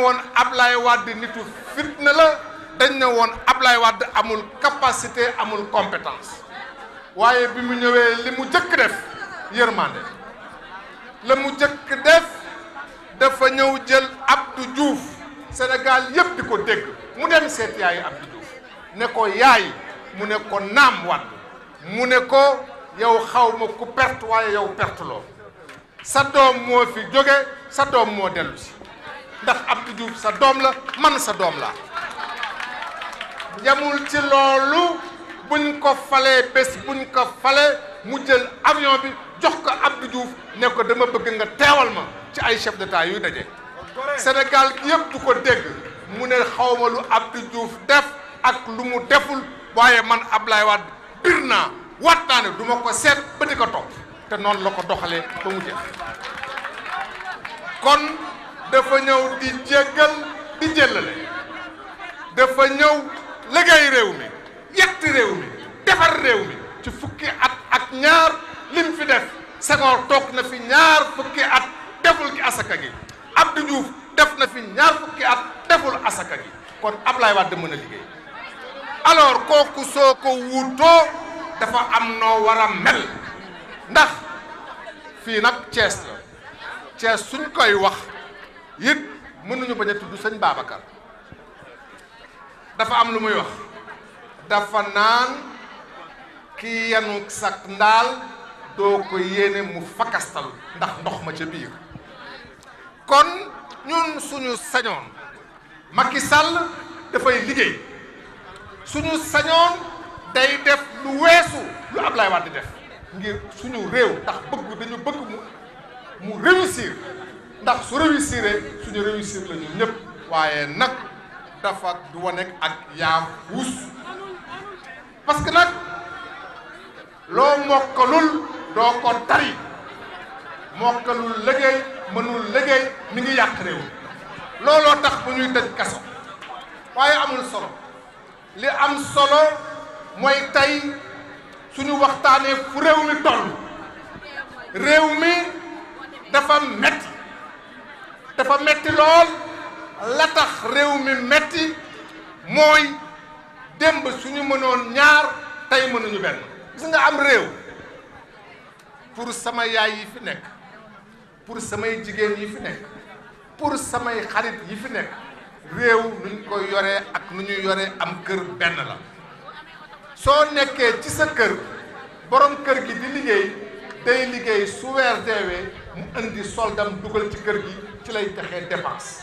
woon Ablaye Wade nitu fitna la dañ ne woon Ablaye Wade amul capacité amul compétence waaye bi mu ñëwee li mu jëkk def yërmande la mu jëkk def dafa ñëw jël Abdou Diouf Sénégal yëpp di ko dégg mu dem seet yaayu Abdou Diouf ne ko yaay mu ne ko naam Wade mu ne ko yow xaw ma ku perte waaye yow perte sa doom moo fi jóge sa doom moo dellu si ndax Abdou Diouf sa doom la man sa doom la yamul ci loolu buñ ko falee bés buñ ko falee mu jël avion bi jox ko Abdou Diouf ne ko dama bëgg nga teewal ma ci ay chef d'état yuy daje Sénégal yëpp du ko dégg mu ne xawma lu Abdou Diouf def ak lu mu deful waaye man Ablaye Wade bir naa naa ne duma ko seet ba di te noonu la ko doxalee ba mu jeex dafa ñëw di jéggal di jëllale dafa ñëw liggéey réew mi yett réew mi defar réew mi ci fukki at ak ñaar lim fi def Senghor toog na fi ñaar fukki at deful gi asaka gi Abdou Diouf def na fi ñaar fukki at deful asaka gi kon Ablaye Wade mën a liggéey alors kooku soo ko wuutoo dafa am noo wara mel ndax fii nag cees la Thiès suñ koy wax it mënuñu bañ a tudd sañ Babacar dafa am lu muy wax dafa naan ki yanu sak ndaal doo ko yéene mu fakastal ndax ndox ma ca biir kon ñun suñu sañoon ki Sall dafay liggéey suñu sañoon day def lu weesu lu Ablaye Wade def ngir suñu réew ndax bëgg dañu bëgg mu mu réussir ndax su réussir suñu réussir la ñun ñëpp waaye nag dafa du wanek ak yaa wuus parce que nag loo mokkalul doo ko tari mokkalul liggéey mënul liggéey mi ngi yàq réew looloo tax bu ñuy tëj kaso waaye amul solo li am solo mooy tey suñu waxtaanee fu réew mi toll réew mi dafa métti dafa metti lool la tax réew mi metti mooy démb suñu mënoon ñaar tey mënuñu benn gis nga am réew pour sama yaay yi fi nekk pour samay jigéen yi fi nekk pour samay xarit yi fi nekk réew nuñ koy yoree ak nu ñuy yoree am kër benn la soo nekkee ci sa kër borom kër gi di liggéey day liggéey su weer deewee mu indi soldam dugal ci kër gi ci lay texee dépense